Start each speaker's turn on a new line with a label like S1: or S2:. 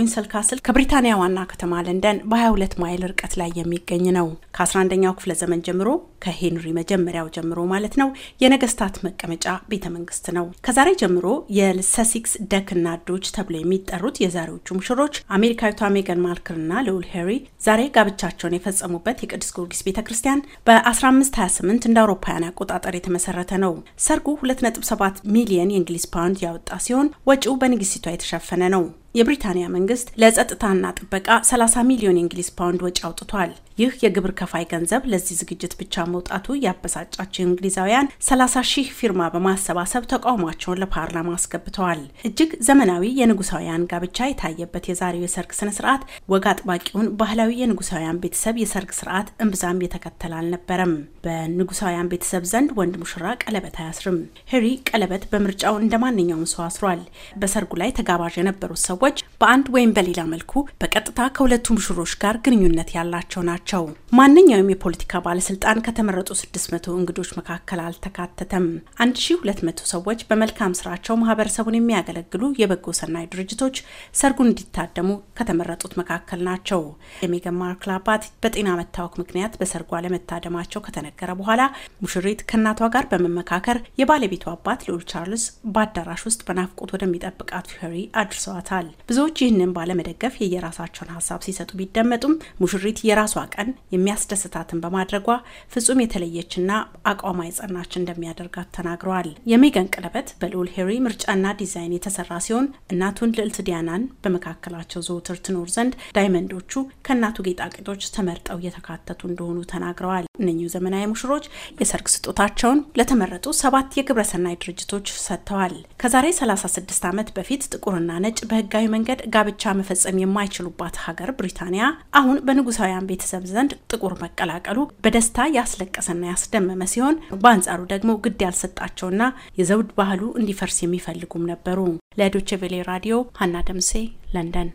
S1: ዊንሰል ካስል ከብሪታንያ ዋና ከተማ ለንደን በ22 ማይል ርቀት ላይ የሚገኝ ነው። ከ11ኛው ክፍለ ዘመን ጀምሮ ከሄንሪ መጀመሪያው ጀምሮ ማለት ነው የነገስታት መቀመጫ ቤተ መንግስት ነው። ከዛሬ ጀምሮ የሰሲክስ ደክና ዶች ተብሎ የሚጠሩት የዛሬዎቹ ሙሽሮች አሜሪካዊቷ ሜገን ማርክልና ልዑል ሄሪ ዛሬ ጋብቻቸውን የፈጸሙበት የቅዱስ ጊዮርጊስ ቤተ ክርስቲያን በ1528 እንደ አውሮፓውያን አቆጣጠር የተመሰረተ ነው። ሰርጉ 2.7 ሚሊየን የእንግሊዝ ፓውንድ ያወጣ ሲሆን ወጪው በንግስቷ የተሸፈነ ነው። የብሪታንያ መንግስት ለጸጥታና ጥበቃ 30 ሚሊዮን የእንግሊዝ ፓውንድ ወጪ አውጥቷል። ይህ የግብር ከፋይ ገንዘብ ለዚህ ዝግጅት ብቻ መውጣቱ ያበሳጫቸው እንግሊዛውያን 30 ሺህ ፊርማ በማሰባሰብ ተቃውሟቸውን ለፓርላማ አስገብተዋል። እጅግ ዘመናዊ የንጉሳውያን ጋብቻ የታየበት የዛሬው የሰርግ ስነ ስርዓት ወግ አጥባቂውን ባህላዊ የንጉሳውያን ቤተሰብ የሰርግ ስርዓት እምብዛም የተከተል አልነበረም። በንጉሳውያን ቤተሰብ ዘንድ ወንድ ሙሽራ ቀለበት አያስርም። ሄሪ ቀለበት በምርጫው እንደ ማንኛውም ሰው አስሯል። በሰርጉ ላይ ተጋባዥ የነበሩት ሰው ሰዎች በአንድ ወይም በሌላ መልኩ በቀጥታ ከሁለቱ ሙሽሮች ጋር ግንኙነት ያላቸው ናቸው። ማንኛውም የፖለቲካ ባለስልጣን ከተመረጡ 600 እንግዶች መካከል አልተካተተም። 1200 ሰዎች በመልካም ስራቸው ማህበረሰቡን የሚያገለግሉ የበጎ ሰናይ ድርጅቶች ሰርጉን እንዲታደሙ ከተመረጡት መካከል ናቸው። የሜገን ማርክል አባት በጤና መታወክ ምክንያት በሰርጉ አለመታደማቸው ከተነገረ በኋላ ሙሽሪት ከእናቷ ጋር በመመካከር የባለቤቱ አባት ልዑል ቻርልስ በአዳራሽ ውስጥ በናፍቆት ወደሚጠብቃት ሄሪ አድርሰዋታል። ብዙዎች ይህንን ባለመደገፍ የየራሳቸውን ሀሳብ ሲሰጡ ቢደመጡም ሙሽሪት የራሷ ቀን የሚያስደስታትን በማድረጓ ፍጹም የተለየችና አቋሟ የጸናች እንደሚያደርጋት ተናግረዋል። የሜገን ቀለበት በልዑል ሄሪ ምርጫና ዲዛይን የተሰራ ሲሆን እናቱን ልዕልት ዲያናን በመካከላቸው ዘውትር ትኖር ዘንድ ዳይመንዶቹ ከእናቱ ጌጣጌጦች ተመርጠው እየተካተቱ እንደሆኑ ተናግረዋል። እነኚሁ ዘመናዊ ሙሽሮች የሰርግ ስጦታቸውን ለተመረጡ ሰባት የግብረሰናይ ድርጅቶች ሰጥተዋል። ከዛሬ 36 ዓመት በፊት ጥቁርና ነጭ በህጋዊ በህጋዊ መንገድ ጋብቻ መፈጸም የማይችሉባት ሀገር ብሪታንያ አሁን በንጉሳውያን ቤተሰብ ዘንድ ጥቁር መቀላቀሉ በደስታ ያስለቀሰና ያስደመመ ሲሆን በአንጻሩ ደግሞ ግድ ያልሰጣቸውና የዘውድ ባህሉ እንዲፈርስ የሚፈልጉም ነበሩ። ለዶቼ ቬሌ ራዲዮ ሀና ደምሴ ለንደን።